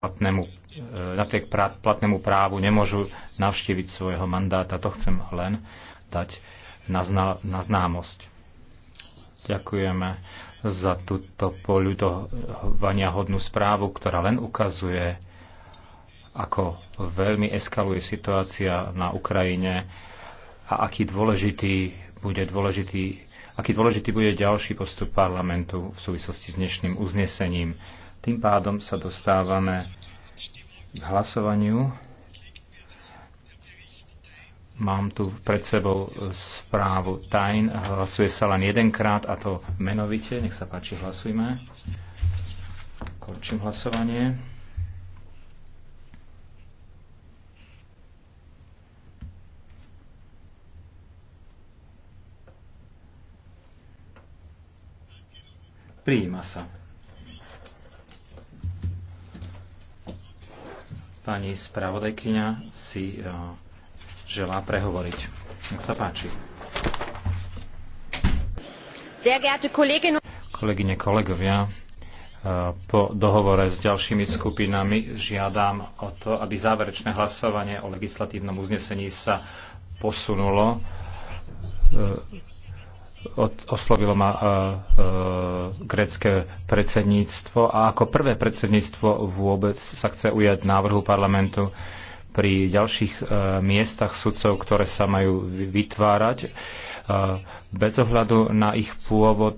platnému, e, napriek platnému právu nemôžu navštíviť svojho mandáta. To chcem len dať na, zna, na známosť. Ďakujeme za túto poľudovania hodnú správu, ktorá len ukazuje, ako veľmi eskaluje situácia na Ukrajine a aký dôležitý bude dôležitý, aký dôležitý bude ďalší postup parlamentu v súvislosti s dnešným uznesením tým pádom sa dostávame k hlasovaniu. Mám tu pred sebou správu tajn. Hlasuje sa len jedenkrát a to menovite. Nech sa páči, hlasujme. Končím hlasovanie. Prijíma sa. Pani spravodajkyňa si eh, želá prehovoriť. Nech sa páči. Kolegyne, kolegovia, eh, po dohovore s ďalšími skupinami žiadam o to, aby záverečné hlasovanie o legislatívnom uznesení sa posunulo eh, od, oslovilo ma uh, e, uh, e, grecké predsedníctvo a ako prvé predsedníctvo vôbec sa chce ujať návrhu parlamentu pri ďalších uh, miestach sudcov, ktoré sa majú vytvárať Uh, bez ohľadu na ich pôvod